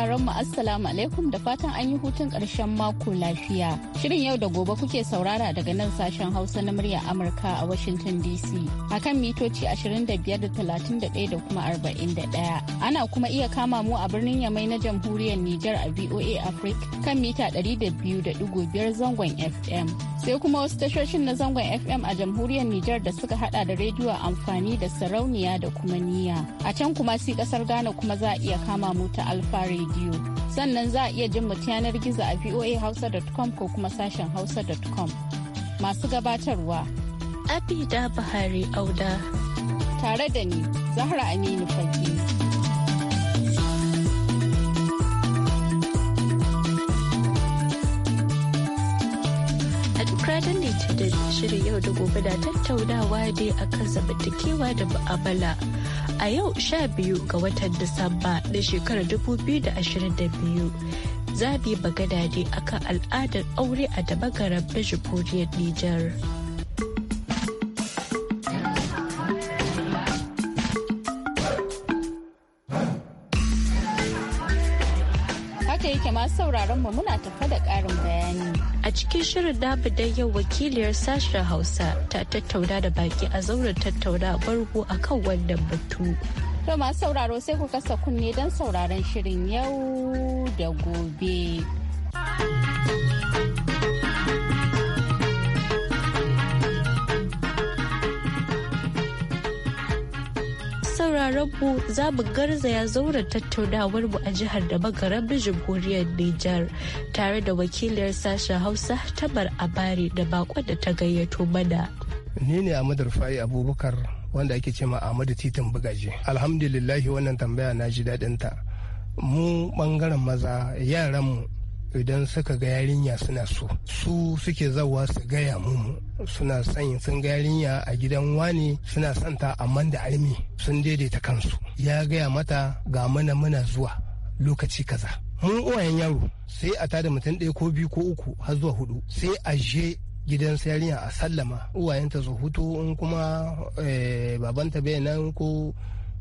sauraron mu assalamu alaikum da fatan an yi hutun karshen mako lafiya. Shirin yau da gobe kuke saurara daga nan sashen Hausa na murya Amurka a Washington DC a kan mitoci 25.31 da da kuma 41. Ana kuma iya kama mu a birnin Yamai na jamhuriyar Nijar a VOA Africa kan mita 200.5 zangon FM. sai kuma wasu tashoshin na zangon fm a jamhuriyar nijar da suka hada da rediyo amfani da sarauniya da kuma niya a can kuma si kasar ghana kuma za a iya kama mu ta alfa rediyo sannan za a iya jin mu yanar gizo a voa voahausa.com ko kuma sashen hausa.com masu gabatarwa abida bahari auda tare da ni zahra aminu fakir ce da shirin yau da gobe da tattaunawa dai akan zamantakewa da mu'amala. A yau sha biyu ga watan Disamba na shekarar 2022. Zabi bagada ne akan al'adar aure a da magaran Jamhuriyar Nijar. sauraron mu muna tafa da ƙarin bayani. A cikin shirin dabu da yau wakiliyar sashen Hausa ta tattauna da baki a zauren tattauna barku akan wannan batu. To masu sauraro sai ku kasa kunne don sauraron shirin yau da gobe. sauraronmu za mu garzaya tattaunawar mu a jihar da magarabin jamhuriyar Nijar tare da wakiliyar sashen Hausa Tamar Abari da bakon da ta gayyato mana. Ni ne Ahmad Rufai Abubakar wanda ake ce ma Ahmadu Titin Bugaje. Alhamdulillahi wannan tambaya na ji daɗinta. Mu ɓangaren maza yaran mu. idan suka ga yarinya suna so su suke zawa su gaya mumu suna son sun ga yarinya a gidan wani suna son a amma da armi sun daidaita kansu ya gaya mata ga mana muna zuwa lokaci kaza mun uwayen yaro sai a tada mutum ɗaya ko biyu ko uku har zuwa hudu sai a je gidan yarinya a sallama uwayenta su hutu in kuma eh, babanta bai nan ko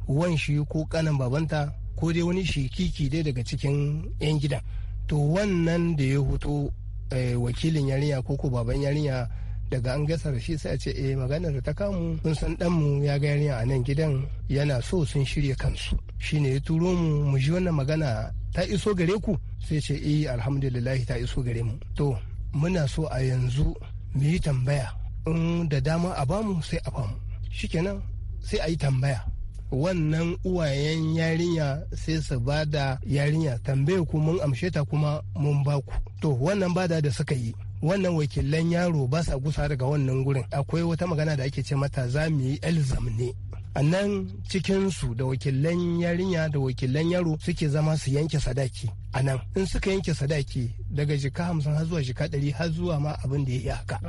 wanshi ko kanan babanta ko dai wani shi kiki dai daga cikin 'yan gidan to wannan da ya hoto eh, wakilin yarinya ko ko baban yarinya daga an gasar shi sai a ce eh maganar da ta kamu sun san danmu ya ga yarinya a nan gidan yana so sun shirya kansu shine ya turo mu mu ji wannan magana ta iso gare ku sai ce eh alhamdulillah ta iso gare mu to muna so a yanzu mu yi tambaya in da dama a bamu sai a bamu shikenan sai a yi tambaya wannan uwayen yarinya sai su ba da yarinya tambaye ku mun amshe ta kuma mun ba ku to wannan bada da suka yi wannan wakilan yaro ba sa gusa daga wannan gurin akwai wata magana da ake ce mata za mu yi elzam ne a nan cikinsu da wakilan yarinya da wakilan yaro suke zama su yanke sadaki a nan in suka yanke sadaki daga jika hamsin har zuwa jika ɗari har zuwa ma abin da ya yi haka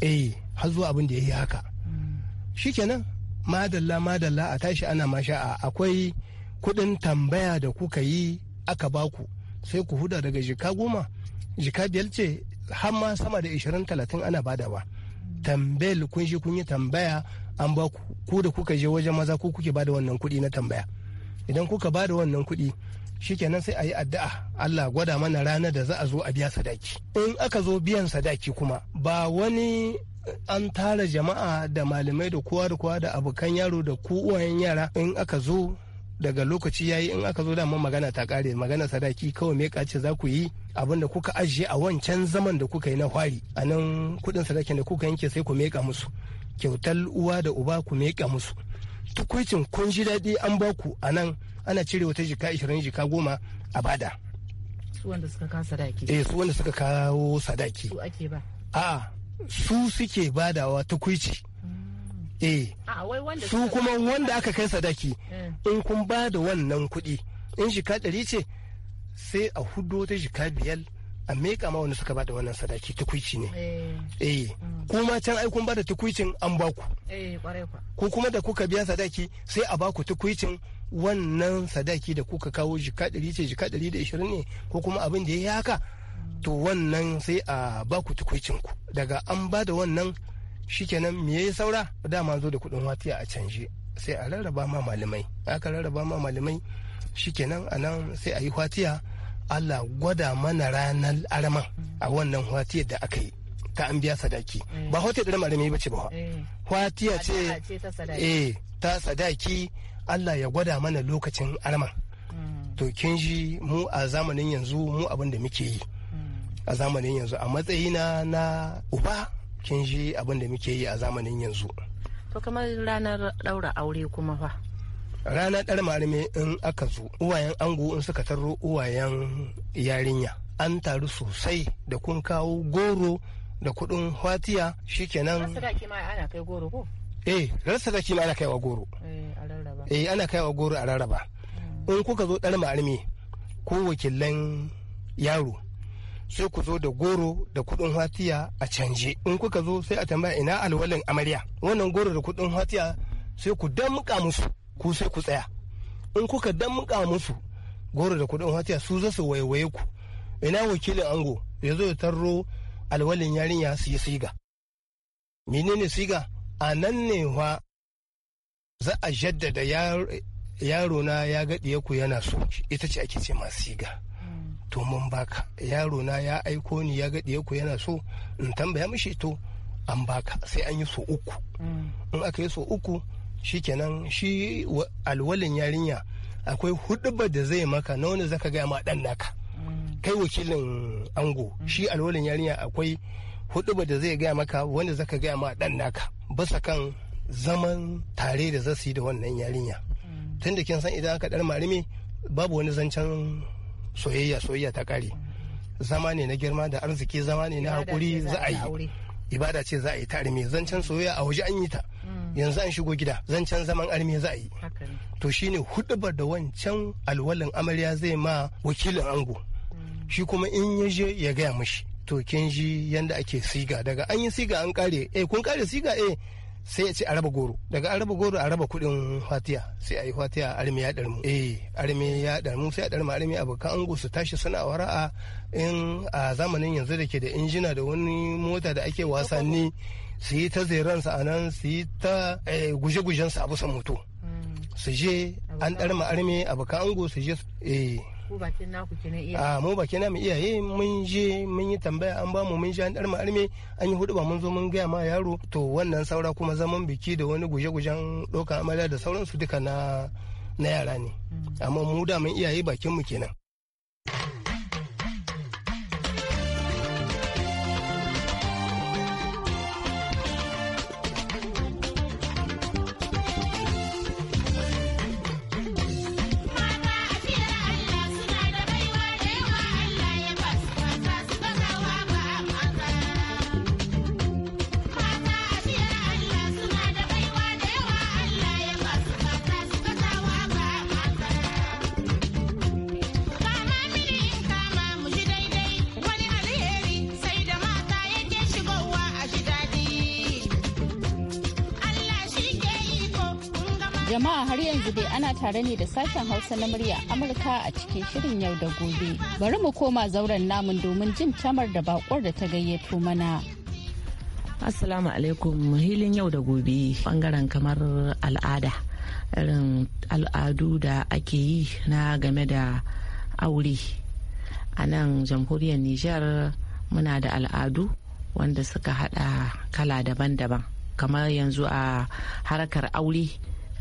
eh har zuwa abin da ya yi haka mm. shikenan madalla madalla a tashi ana masha'a akwai kuɗin tambaya da kuka yi aka baku sai ku huda daga jika goma jika biyar ce har ma sama da ishirin talatin ana badawa tambayar kun shi kun yi tambaya an ba ku da kuka je wajen maza ku kuke bada wannan kuɗi na tambaya idan kuka bada wannan kuɗi shikenan sai a yi addu'a Allah gwada mana ranar da za a zo a biya sadaki in aka zo biyan sadaki kuma ba wani an tara jama'a da malamai da kowa da kowa da abokan yaro da ku uwayen yara in aka zo daga lokaci yayi in aka zo dama magana ta kare magana sadaki kawai me kace za ku yi abin da kuka ajiye a wancan zaman da kuka yi na hwari a nan kudin sadakin da kuka yanke sai ku meka musu kyautar uwa da uba ku meka musu tukwicin kun ji daɗi an ba ku a nan ana cire wata jika ishirin jika goma a bada su wanda suka kawo sadaki eh, su wanda suka kawo sadaki su suke badawa tukuici mm. eh su kuma wanda aka kai sadaki eh. in kun ba da wannan kuɗi in shika ɗari ce sai a hudu ta shika biyar a meka ma wanda suka bada wannan sadaki tukuici ne eh, eh. Mm. kuma can ai kun bada tukuicin an baku eh, ku kuma da kuka biya sadaki sai a baku tukuicin wannan sadaki da kuka kawo jika ɗari ce jika ɗari da ishirin ne ko kuma abin da ya yi haka to wannan sai a baku tukuicinku daga an ba da wannan shikenan me yayi saura dama zo da kuɗin watiya a canje sai a rarraba ma malamai aka rarraba ma malamai shikenan a nan sai a yi watiya allah gwada mana ranar araman a wannan watiyar da aka yi ta an biya sadaki eh. ba hotel da malamai ba eh. ce ba watiya ce eh ta sadaki allah ya gwada mana lokacin araman hmm. to kin ji mu a zamanin yanzu mu abin da muke yi a zamanin yanzu a matsayina na uba kin ji abin da muke yi a zamanin yanzu to kamar ranar ɗaura aure kuma fa ranar ɗar marime in aka zo uwayen ango in suka tarro uwayen yarinya an taru sosai da kun kawo goro da kuɗin fatiya shikenan ana kai goro ko eh, rasa zaki ma ana kaiwa goro eh, eh ana kaiwa goro a rarraba in kuka zo ɗar marime ko wakilan yaro sai ku zo da goro da kuɗin hatiya a canje in kuka zo sai a tambaya ina alwalin amarya wannan goro da kuɗin hatiya sai ku damƙa musu ku sai ku tsaya in kuka damƙa musu goro da kuɗin hatiya su za su waiwaye ku ina wakilin ango ya zo ya tarro alwalin yarinya su yi siga menene siga a nan ne wa za a jaddada yaro na ya gaɗiye ku yana so ita ce ake ce ma siga to mun baka yaro na ya aiko ni ya ga ku yana so in tambaya mishi to an baka sai an yi so uku mm. in aka yi so uku shikenan shi alwalin yarinya akwai huduba da zai maka na wani zaka gaya ma dan naka mm. kai wakilin ango mm. shi alwalin yarinya akwai huduba da zai gaya maka wani zaka gaya ma dan naka basa kan zaman tare da zasu yi da wannan yarinya tun da kin san idan aka dar marimi babu wani zancen soyayya soyayya ta kare zama ne na girma da arziki zama ne na hakuri za a yi ibada ce za a yi ta arme zancen soyayya a waje an yi ta mm. yanzu an shigo gida zancen zaman arme za a yi to shine hudubar da wancan alwalin amarya zai ma wakilin ango mm. shi kuma in ya je ya gaya mishi to kin ji yanda ake siga daga an yi siga an kare eh kun kare siga eh sai ya ce a raba goro daga an raba goro a raba kudin fatiya sai a yi fatiya arimi ya ɗarmu eh arimi ya ɗarmu sai a ɗarmu armi abokan ango su tashi suna wara'a in a zamanin yanzu da ke da injina da wani mota da ake wasanni su yi ta zairan a nan su yi ta eh, guje gujen a bisa moto hmm. su je an ɗarma armi abokan ango su je eh ku ah, mu naku kina iyaye mu iyaye mun je mun yi tambaya an ba mu mun ji an dar arme an yi hudu ba mun zo mun gaya ma yaro to wannan saura kuma zaman biki da wani guje-gujen ɗaukar amala da sauransu duka na na yara ne mm. amma mu da mun iyaye bakin mu kenan yanzu dai ana tare ne da sashen Hausa na murya Amurka a cikin shirin yau da gobe. Bari mu koma zauren namun domin jin tamar da bakwar da ta gayyato mana. Assalamu alaikum hilin yau da gobe bangaren kamar al'ada irin al'adu da ake yi na game da aure. A nan jamhuriyar Nijar muna da al'adu wanda suka hada kala daban-daban kamar yanzu a harkar aure.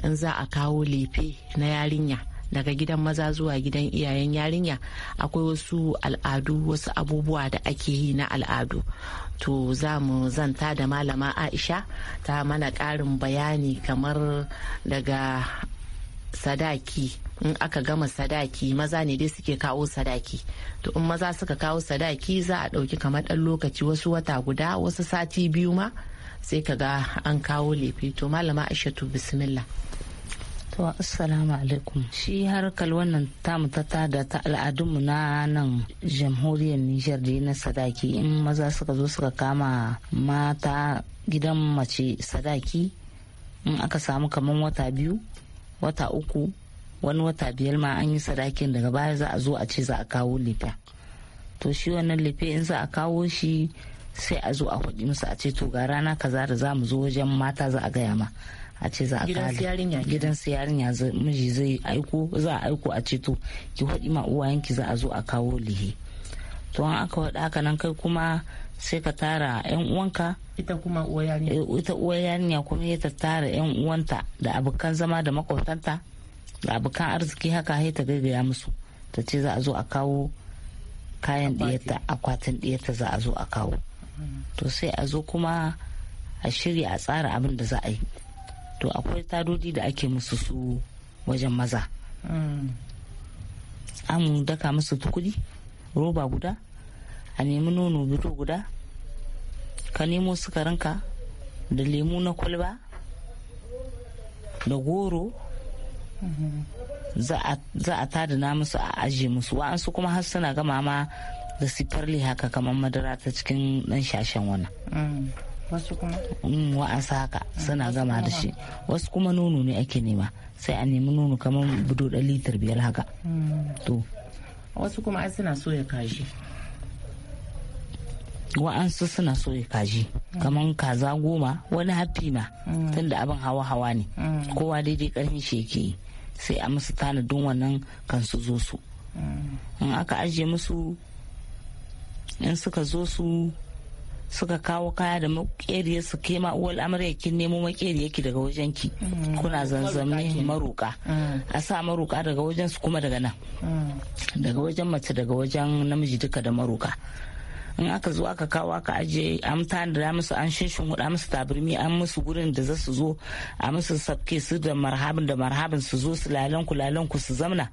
in za a kawo lefe na yarinya daga gidan maza zuwa gidan iyayen yarinya akwai wasu al'adu wasu abubuwa da ake yi na al'adu to za mu zanta da malama aisha ta mana ƙarin bayani kamar daga sadaki in aka gama sadaki maza ne dai suke kawo sadaki to in maza suka kawo sadaki za a ɗauki kamar ɗan lokaci wasu wata guda wasu sati biyu ma sai ka ga an kawo lefe to malama aishatu bismillah to assalamu alaikum shi harkar wannan tamu ta da ta al'adunmu na nan jamhuriyar nijar da na sadaki in maza suka zo suka kama mata gidan mace sadaki in aka samu kaman wata biyu wata uku wani wata biyar ma an yi sadakin daga baya za a zo a ce za a kawo lefe to shi wannan lefe in za a kawo shi sai a zo a faɗi musu a ce to ga rana kaza da za mu zo wajen mata za a gaya ma a ce za a kare gidan su yarinya miji zai aiko za a aiko a ce to ki faɗi ma yanki za a zo a kawo lihe to an aka faɗa haka nan kai kuma sai ka tara yan uwanka ita kuma uwa yarinya eh, ita uwa yarinya kuma ya tattara yan uwanta da abokan zama da makwabtanta da abokan arziki haka sai ta gaggaya musu ta ce za a zo a kawo kayan diyata akwatin diyata za a zo a kawo to sai a zo kuma a shirya a tsara abin da za a yi to akwai tadodi da ake musu su wajen maza mm. an daka musu tukudi roba guda a nemi nono biro guda ka nemo sukarinka da lemu na kwalba da goro mm-hmm. za a tada na musu a ajiye musu wa'ansu kuma har suna gama ma da sifarli haka kamar madara ta cikin dan shashen wannan mm. wasu kuma mm, wa'ansu haka mm, suna gama da shi wasu kuma nono ne ake nema sai a nemi nono kamar budo ɗan litar biyar haka to wasu kuma ai suna soya kaji wa'ansu suna soya kaji kamar kaza goma wani hafi ma tunda abin hawa hawa ne kowa daidai karfin shi yake yi sai a musu tanadin wannan kan su zo su in aka ajiye musu in suka zo su suka kawo kaya da makeriya su ke ma'uwal kin nemo makeriya ki daga wajen ki mm. kuna zanzame maruka mm. a sa maruka daga wajen su kuma daga nan mm. daga wajen mace daga wajen namiji duka da maruka in aka zo aka kawo aka aje an da musu an shinshin a musu tabirmi an musu gurin da za su zo a musu sabke su da marhabin da marhabin su zo su lalanku lalanku su zamna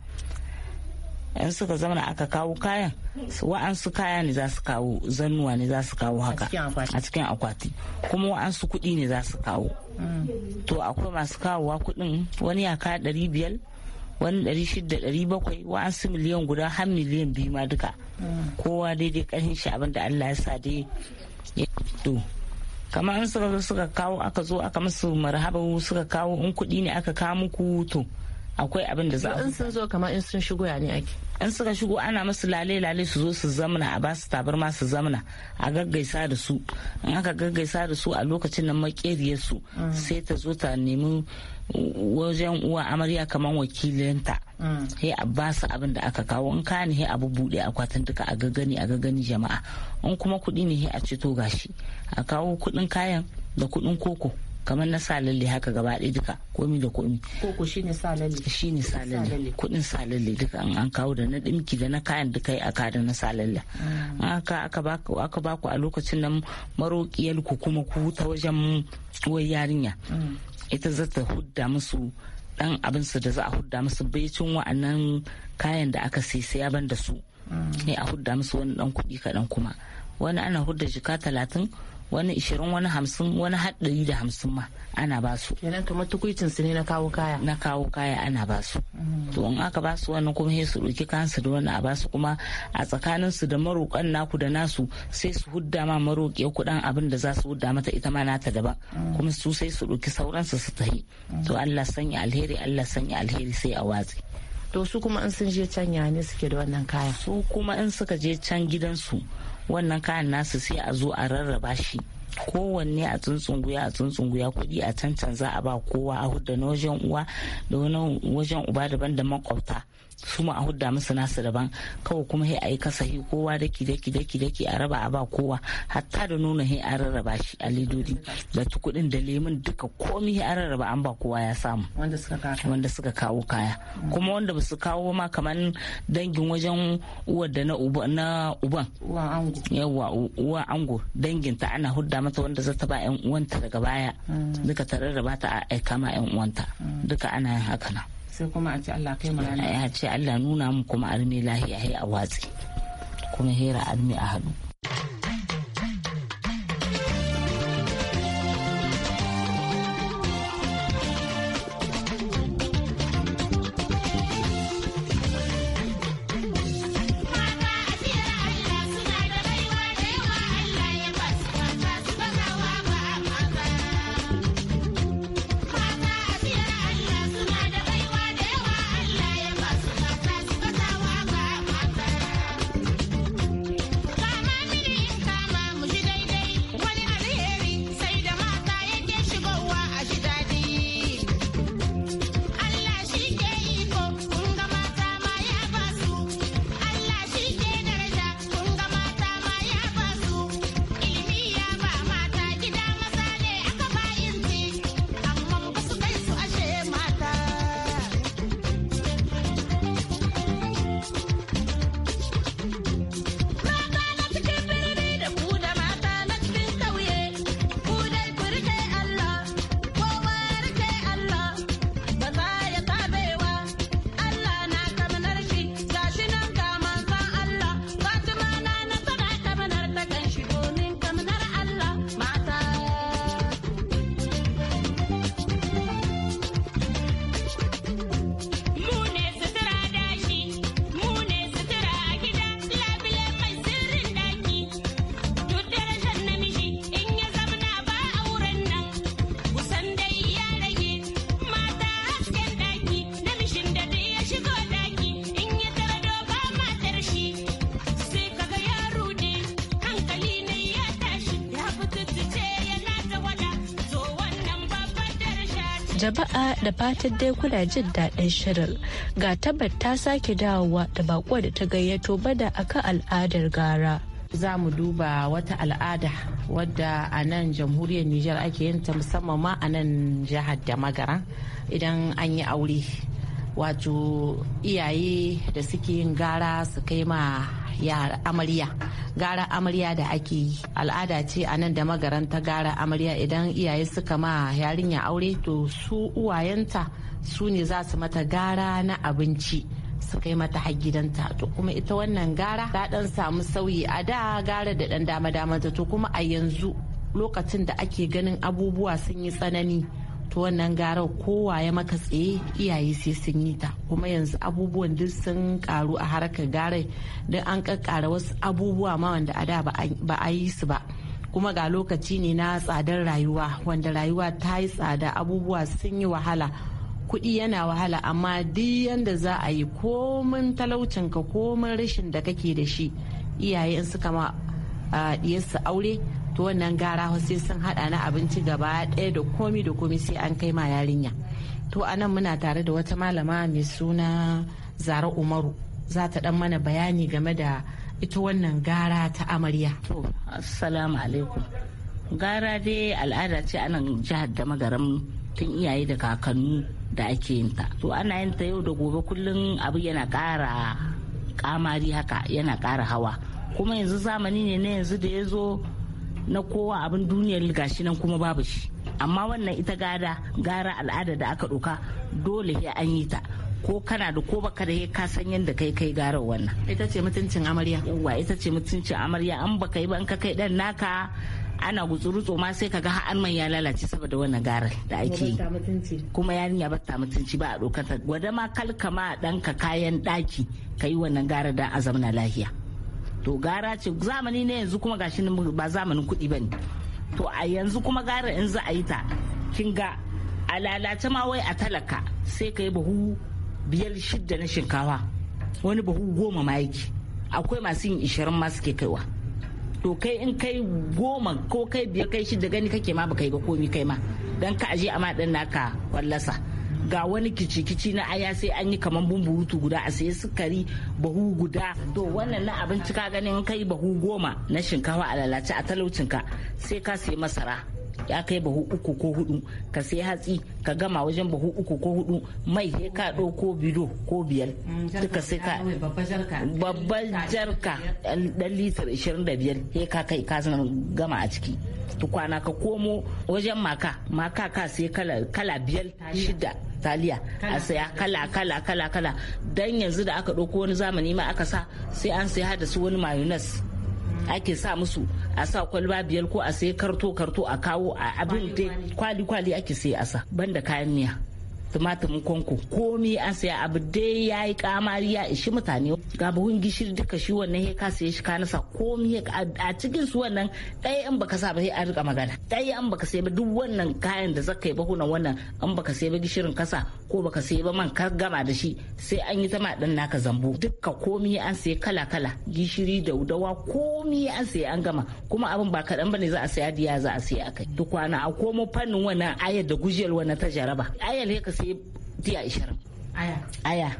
yan suka zama aka kawo kayan wa'ansu kaya ne za su kawo zannuwa ne za su kawo haka a cikin akwati kuma wa'ansu kuɗi ne za su kawo mm. to akwai masu kawowa kudin wani ya kawo dari biyar wani dari shida dari bakwai wa'ansu miliyan guda har miliyan biyu ma duka mm. kowa daidai ƙarfin shi abinda Allah ya sa dai ya to kamar an suka suka kawo aka zo aka musu marhaba suka kawo in kuɗi ne aka kawo muku to akwai abin da za a in sun zo kamar in sun shigo ya ne ake in suka shigo ana masu lale lale su zo su zamna a basu tabarma su zamna a gaggaisa da su in aka gaggaisa da su a lokacin nan makeriyar su mm. sai ta zo ta nemi wajen uwa amarya kamar wakilinta mm. he a basu abin da aka kawo in ka ne abu bude akwatin duka a gaggani a gaggani jama'a in kuma kudi ne he a ceto gashi a kawo kuɗin kayan da kudin koko kamar na sa lalle haka gaba ɗaya duka komi da komi koko shine sa lalle shine sa lalle kudin sa lalle duka an an kawo da na dimki da na kayan duka yi ka da na sa lalle mm. aka aka baku aka a lokacin nan maroƙiyar ku kuma ku ta wajen wai yarinya mm. ita za ta hudda musu dan abin su da za a hudda musu baicin wa'annan kayan da aka sai ban da su ne mm. a hudda musu wani dan kuɗi kaɗan kuma wani ana hudda jika talatin wani ishirin wani hamsin wani haɗari da hamsin ma ana ba su kenan kamar tukuicin su ne na kawo kaya na kawo kaya ana ba su to in aka ba su wannan kuma sai su ɗauki kansu da wani a ba su kuma a tsakanin su da maroƙan naku da nasu sai su hudda ma maroƙe kuɗin abin da za su hudda mata ita ma nata daban kuma su sai su ɗauki sauransu su tahi to Allah sanya alheri Allah sanya alheri sai a watsi to su kuma in sun je can ya ne suke da wannan kaya. su kuma in suka je can gidansu wannan kayan nasu sai a zo a rarraba shi kowanne a tsuntsunguya a tsuntsunguya kudi a cancan za a ba kowa a hudu na wajen uwa da wani wajen uba daban da makwabta su ma a hudda musu nasu daban kawai kuma he a yi kasahi kowa daki daki daki ki a raba a ba kowa hatta da nuna he a rarraba shi a ledodi da kuɗin da lemun duka komi he a rarraba an ba kowa ya samu wanda suka kawo kaya kuma wanda ba su kawo ma kamar dangin wajen uwar da na uban yawa ango dangin ta ana hudda mata wanda za ta ba yan uwanta daga baya mm. duka ta rarraba ta a aika ma yan uwanta mm. duka ana yin haka nan sai kuma a ce Allah kai mu rana ya ce Allah nuna mu kuma armi lahiya a watsi kuma hera armi a hadu Jama'a da fatan dai kuna jin daɗin shirin. Ga tabbat ta sake dawowa da bako da ta gayyato bada akan al'adar gara. za mu duba wata al'ada wadda a nan jamhuriyar Nijar ake yin ta musamman ma a nan jihar da magara idan an yi aure wato iyaye da suke yin gara su kai ma yara amarya gara amarya da ake yi al'ada ce a nan da magaranta gara amarya idan iyaye suka ma yarinya aure to su uwayenta su ne za su mata gara na abinci su kai mata har gidanta to kuma ita wannan gara ta dan samu sauyi a da gara da dan dama dama to kuma a yanzu lokacin da ake ganin abubuwa sun yi tsanani ta wannan garar kowa ya maka tsaye iyaye sai sun yi ta kuma yanzu abubuwan duk sun karu a harkar garai don an kakkara wasu abubuwa ma wanda a da ba a yi su ba kuma ga lokaci ne na tsadar rayuwa wanda rayuwa ta yi tsada abubuwa sun yi wahala kuɗi yana wahala amma duk yanda za a yi komin talaucinka komin rashin da kake da shi iyaye in suka ma ah, su aure to wannan gara sai sun hada na abinci gaba ɗaya da komi da komi sai an kai ma yarinya to anan muna tare da wata malama mai suna zara umaru za ta dan mana bayani game da ita wannan gara ta amarya to assalamu alaikum gara dai al'ada ce anan jihar da magaram tun iyaye da kakannu da ake yin ta to ana yin ta yau da gobe kullum abu yana ƙara kamari haka yana ƙara hawa kuma yanzu zamani ne na yanzu da ya zo na kowa abin duniyar gashi nan kuma babu shi amma wannan ita gada gara al'ada da aka doka dole ya an yi ta ko kana da ko baka da ka san yadda kai kai garar wannan ita ce mutuncin amarya yawa ita ce mutuncin amarya an baka yi ba an ka kai dan naka ana gutsurutso ma sai kaga har man ya lalace saboda wannan garar da ake yi kuma yarinya ba ta mutunci ba a dokar gwada ma kalkama danka kayan daki kai wannan garar da a zauna lahiya to gara ce zamani ne yanzu kuma gashi ba zamanin kuɗi ba ne to a yanzu kuma gara in za a yi ta kin ga a lalace ma wai a talaka sai ka yi buhu biyar shidda na shinkawa wani buhu goma ma yake akwai masu yin ishirin ma suke kaiwa to kai in kai goma ko kai biyar kai shidda gani kake ma ba kai ba komi kai ma dan ka aje amma dan naka wallasa ga wani kici-kici na aya sai an yi kamar bumburutu guda a sai sukari bahu guda to wannan na abinci ka ganin kai bahu goma na shinkafa a lalace a talaucinka sai ka sai masara ya kai bahu uku ko hudu ka sai hatsi ka gama wajen bahu uku ko hudu mai sai ka ɗauko bido ko biyar mm, duka sai ka babbar jarka dan litar 25 sai ka kai ka gama a ciki tukwana ka komo wajen maka maka ka sai kala biyar shida taliya a saya kala kala kala kala dan yanzu da aka ɗauko wani zamani ma aka sa sai an sai hada su wani mayonnaise ake sa musu a sa kwalba biyar ko a sai karto karto a kawo a abin dai kwali kwali ake sai a sa banda kayan miya tumatirin konko komi an saya abu dai ya yi kamari ya ishi mutane ga buhun gishiri duka shi wannan ya kasa ya shi ka nasa komi a cikin su wannan ɗaya in baka sa ba sai an rika magana ɗaya in baka sai ba duk wannan kayan da zaka yi wannan an baka sai ba gishirin kasa ko baka sai ba man ka gama da shi sai an yi tama dan naka zambo duka komi an sai kala kala gishiri da dawa komi an sai an gama kuma abin ba kaɗan ne za a saya diya za a saya akai duk kwana a komo fannin wannan ayar da gujiyar wannan ta jaraba ayar ka sai sai tiya ishirin aya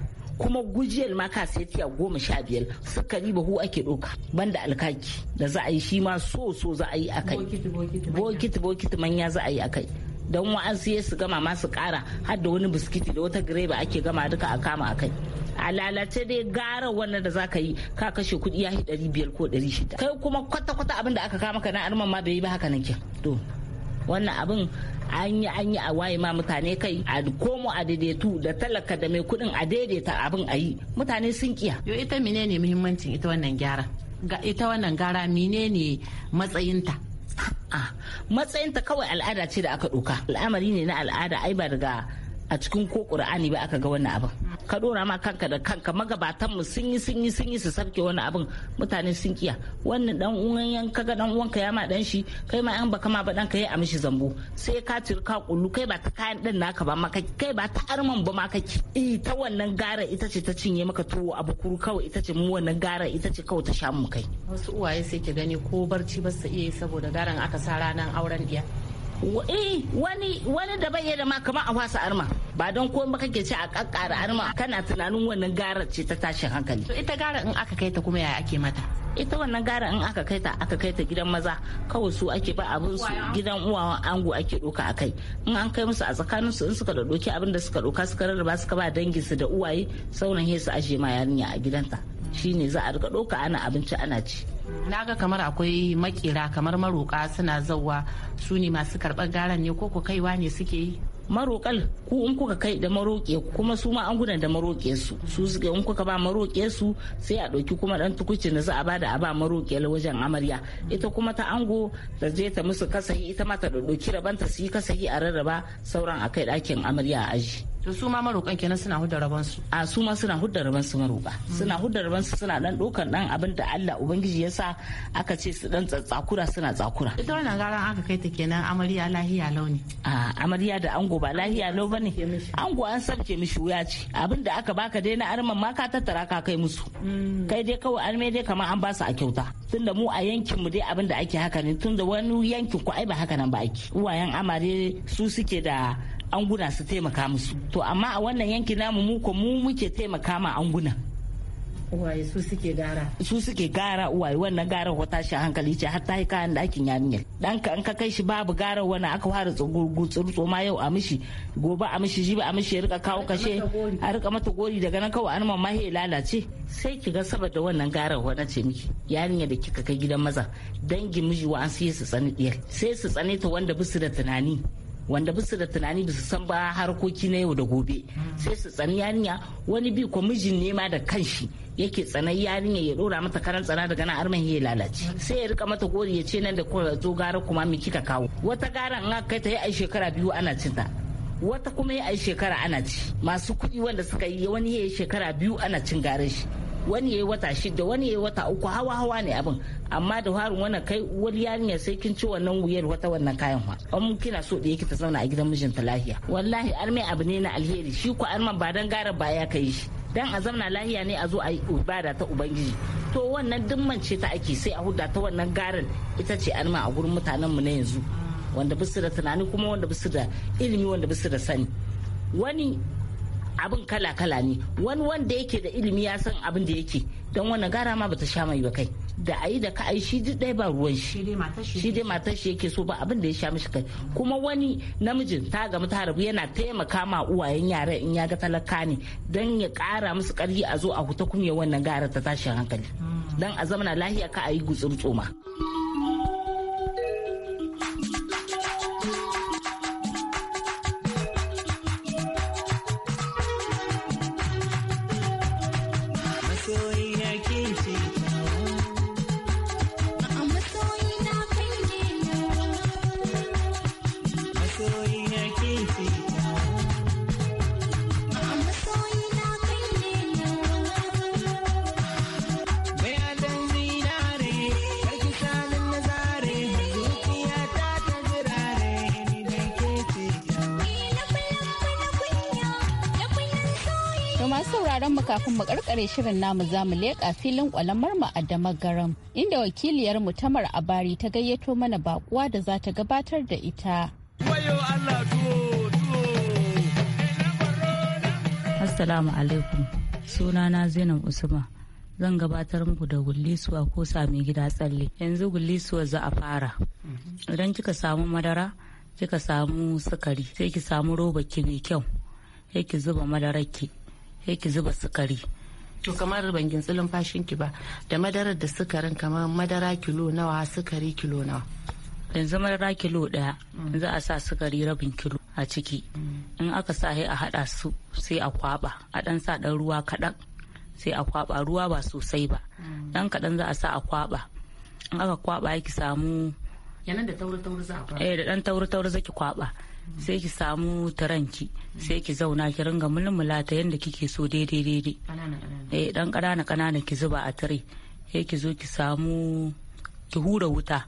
kuma gujiyar ma ka sai tiya goma sha biyar sukari bahu ake doka banda alkaki da za a yi shi ma so so za a yi a bokiti bokiti manya za a yi a kai don wa'an su su gama ma su kara har da wani biskiti da wata gireba ake gama duka a kama a a lalace dai gara wannan da zaka yi ka kashe kudi ya ɗari biyar ko dari shida kai kuma kwata-kwata abin da aka kama kana arman ma bai yi ba haka nan to wannan abin an yi an yi a waye ma mutane kai a komo a daidaitu da talaka da mai kudin a daidaita abin a yi mutane sun kiya yo ita menene muhimmancin ita wannan gyara ga ita wannan gara menene matsayinta matsayinta kawai al'ada ce da aka ɗauka al'amari ne na al'ada ai ba daga a cikin ko ƙur'ani ba aka ga wannan abin ka dora ma kanka da kanka magabatan mu sun yi sun yi sun yi su sarke wani abin mutane sun kiya wannan dan uwan yan kaga dan uwanka ya ma dan shi kai ma an baka ma ba dan ka yi a mishi zambo sai ka ka kullu kai ba ta kayan din naka ba ma kai ba ta arman ba ma kake eh ta wannan gara ita ce ta cinye maka tuwo a bukuru kawai ita ce mu wannan gara ita ce kawai ta sha mu kai wasu uwaye sai ki gani ko barci ba su iya yi saboda garan aka sa ranar auren diya Eh, wani wani da bai da ma kamar a fasa arma ba don ko ba kake ci a kakkara arma kana tunanin wannan garar ce ta tashin hankali ita garar in aka kai ta kuma yaya ake mata ita wannan gara in aka kai ta aka kai ta gidan maza kawai su ake ba abin su gidan uwawan ango ake doka a kai in an kai musu a tsakanin su in suka da doki abin da suka doka suka rarraba suka ba dangin su da uwaye sauran hesu aje ma yarinya a gidanta shine za a rika doka ana abinci ana ci na ga kamar akwai makera kamar maroka suna zauwa su ne masu karɓar garan ne ko kaiwa ne suke yi marokal ku in kuka kai da maroke kuma su ma an gudan da maroke su su suke in kuka ba maroke su sai a ɗauki kuma ɗan tukuci da za a bada a ba maroke wajen amarya ita kuma ta ango da je ta musu kasahi ita ma ta ɗauki rabanta su yi kasahi a rarraba sauran a kai ɗakin amarya a aji. to su ma marokan kenan suna hudda rabon su a su ma suna hudda rabon su maroka suna hudda rabon su suna dan dokan dan abin da Allah ubangiji ya sa aka ce su dan tsatsakura suna tsakura ita wannan garan aka kai ta kenan amarya lahiya launi a amarya da ango ba lahiya lo bane ango an sabke mishi wuya ce abin da aka baka dai na arman ma ka tattara ka kai musu mm. kai dai kawai mai dai kamar an ba su a kyauta tunda mu a yankin mu dai abin da ake haka ne tunda wani yankin ku ai ba haka nan ba ake uwayen amare su suke da anguna su taimaka musu to amma a wannan yanki namu mu ko mu muke taimaka ma anguna uwaye su suke gara su suke gara uwaye wannan gara ko tashi hankali ce har ta yi kayan ɗakin yarinyar dan ka an ka kai shi babu gara wannan aka fara tsurtso ma yau a mishi gobe a mishi jibi a mishi ya rika kawo kashe a rika mata gori daga nan kawai an ma lalace sai ki ga saboda wannan gara na ce miki yarinya da kika kai gidan maza dangin miji wa an sai su tsani diyar sai su tsani ta wanda bisu da tunani wanda bisu da tunani su san ba harkoki na yau da gobe sai su tsani yarinya wani bi ko mijin ne da kanshi yake tsanan yarinya ya dora mata karan tsana daga nan arman ya lalace sai ya rika mata gori ya ce nan da kuma zo gara kuma me kika kawo wata gara in aka kai ta yi a shekara biyu ana cinta wata kuma yi yi shekara ana ci masu kuɗi wanda suka yi wani ya yi shekara biyu ana cin garin shi wani yayi wata shida wani yayi wata uku hawa hawa ne abin amma da harin wannan kai wani yarinya sai kin ci wannan wuyar wata wannan kayan fa an kina so da yake ta zauna a gidan mijinta lahiya wallahi mai abu ne na alheri shi ko arman ba dan gara ba ya kai shi dan a zauna lahiya ne a zo a yi ibada ta ubangiji to wannan dimman ce ta ake sai a huda ta wannan garin ita ce arma a gurin mutanen mu na yanzu wanda bisu da tunani kuma wanda bisu da ilimi wanda bisu da sani wani abin kala-kala ne wani wanda yake da ilimi ya san abin da yake don wannan gara ma bata sha mai kai da ayi da ka ai shi duk dai ba ruwan shi shi dai matar shi yake so ba abin da ya sha mishi kai kuma wani namijin ta gamu ta rabu yana taimaka ma uwayen yara in ya ga talaka ne don ya kara musu karfi a zo a huta kumya wannan gara ta tashin hankali hmm. don a zamana lahiya ka ayi yi tsoma. ƙarfe shirin namu za mu leƙa filin kwalamar mu a damagaram inda wakiliyar mu tamar abari ta gayyato mana bakuwa da za ta gabatar da ita. Assalamu alaikum sunana Zainab Usman zan gabatar muku da gullisuwa ko sami gida tsalle yanzu gullisuwa za a fara idan kika samu madara kika samu sukari sai ki samu roba ki mai kyau sai ki zuba madarar ki sai ki zuba sukari to kamar ban gintsi fashin ki ba da madarar da sukarin kamar madara kilo nawa sukari kilo nawa yanzu madara kilo daya mm. za a sa sukari rabin kilo a ciki mm. in aka sa a hada su sai a kwaba a dan sa dan ruwa kadan sai a kwaba ruwa ba sosai ba dan mm. kadan za a sa a kwaba in aka kwaba ki samu yanan da tauri tauri za a kwaba eh da dan tauri tauri zaki kwaba sai ki samu taranki sai ki zauna ki ringa mulmula ta yadda kike so daidai daidai eh dan ƙanana ƙanana ki zuba a tire sai ki zo ki samu ki hura wuta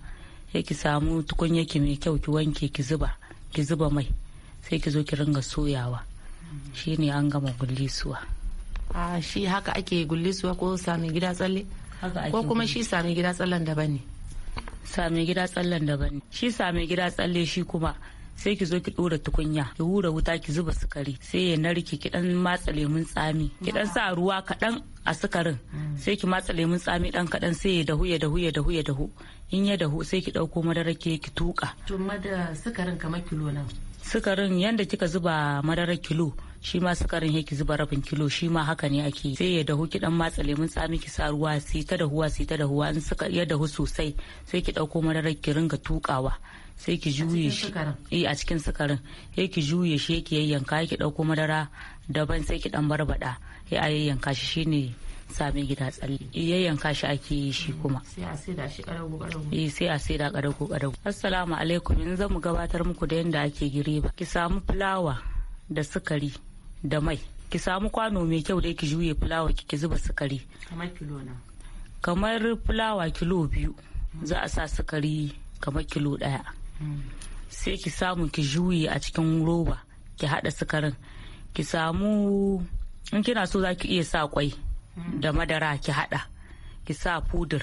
sai ki samu tukunya ki mai kyau ki wanke ki zuba ki zuba mai sai ki zo ki ringa soyawa shine an gama gullisuwa a shi haka ake gullisuwa ko sami gida tsalle ko kuma shi sami gida tsallen daban ne sami gida tsallen daban ne shi sami gida tsalle shi kuma sai ki zo ki dora tukunya ki hura wuta ki zuba sukari sai ya narke ki dan matsa lemun tsami ki dan sa ruwa kaɗan a sukarin sai ki matsa lemun tsami dan kaɗan sai ya dahu ya dahu ya dahu ya dahu in ya dahu sai ki ɗauko madarar ki ki tuka. Tumma da sukarin kamar kilo nan. Sukarin yanda kika zuba madarar kilo shi ma sukarin yake zuba rabin kilo shi ma haka ne ake sai ya dahu ki dan matsa lemun tsami ki sa ruwa sai ta dahuwa sai ta dahuwa in suka ya dahu sosai sai ki ɗauko madarar ki ringa tukawa. sai ki juye shi eh a cikin sukarin sai ki juye shi ki yayyanka ki dauko madara daban sai ki dan barbada sai a yayyanka shi shine sami gida tsalle yayyanka shi ake yi shi kuma sai a saida shi karago karago eh, sai a assalamu alaikum yanzu mu gabatar muku da yanda ake gireba ki samu fulawa da sukari da mai ki samu kwano mai kyau da ki juye fulawa ki ki zuba sukari kamar kilo na kamar fulawa kilo biyu za a sa sukari kamar kilo daya sai ki samu ki juyi a cikin roba ki hada sukarin ki samu in kina so za ki iya sa kwai da madara ki hada ki sa fudur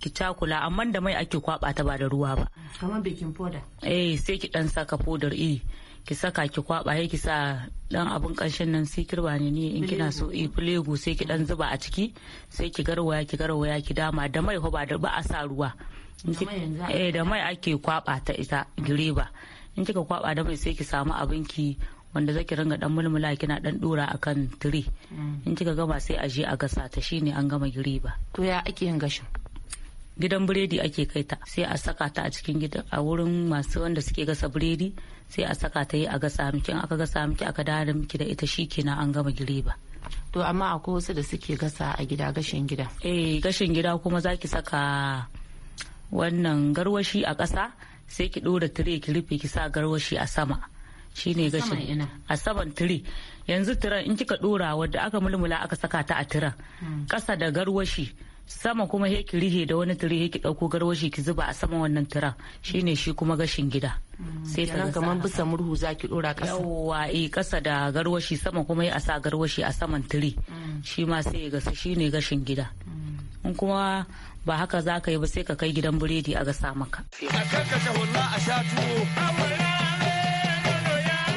ki cakula amma da mai ake kwaba ta ba da ruwa ba kamar baking powder eh sai ki dan saka powder eh ki saka ki kwaba sai ki sa dan abun kanshin nan sai kirba ne ni in kina so eh plego sai ki dan zuba a ciki sai ki garwaya ki garwaya ki dama da mai ba a sa ruwa eh da mai ake kwaba ta ita gireba in kika kwaba da mai sai ki samu abin ki wanda zaki ringa dan mulmula kina dan dora akan tire mm. in kika gama sai a je a gasa ta shine an gama gireba to ya ake yin gashin gidan biredi ake kai ta sai a saka ta a cikin gidan a wurin masu wanda suke gasa biredi sai a saka ta yi a gasa miki aka gasa miki aka dada miki da ita shikenan an gama gireba to amma akwai wasu da suke gasa a gida gashin gida eh gashin gida kuma zaki saka wannan garwashi a ƙasa sai ki ɗora tire ki rufe ki sa garwashi a sama shine gashi a saman tire yanzu tiran in kika ɗora wadda aka mulmula aka saka ta a tiran hmm. ƙasa da garwashi sama kuma he ki rihe da wani tire he ki ɗauko garwashi ki zuba a sama wannan tiran shine shi kuma gashin gida hmm. sai ta kamar bisa murhu za ki ɗora ƙasa yawwa eh ƙasa da garwashi sama kuma ya sa garwashi a saman tire hmm. shi ma sai ya gasa shine gashin gida in kuma ba haka za ka yi ba sai ka kai gidan biredi a gasa maka.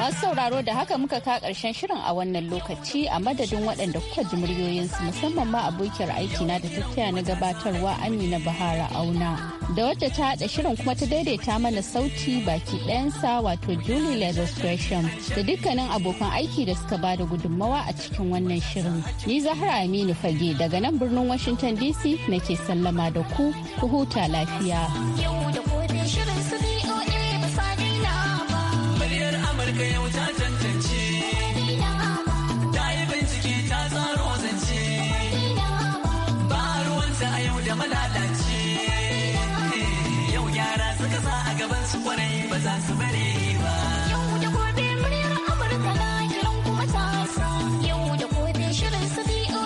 masu sauraro da haka muka ka karshen shirin a wannan lokaci a madadin waɗanda kuka ji muryoyinsu musamman ma abokiyar aikina da tattaya na gabatarwa amina bahara auna. da wata ta haɗa shirin kuma ta daidaita mana sauti baki ɗayansa wato Julie Lazarus Gresham da dukkanin abokan aiki da suka ba da gudunmawa a cikin wannan shirin. Ni Zahra Aminu Fage daga nan birnin Washington DC nake sallama da ku, ku huta lafiya.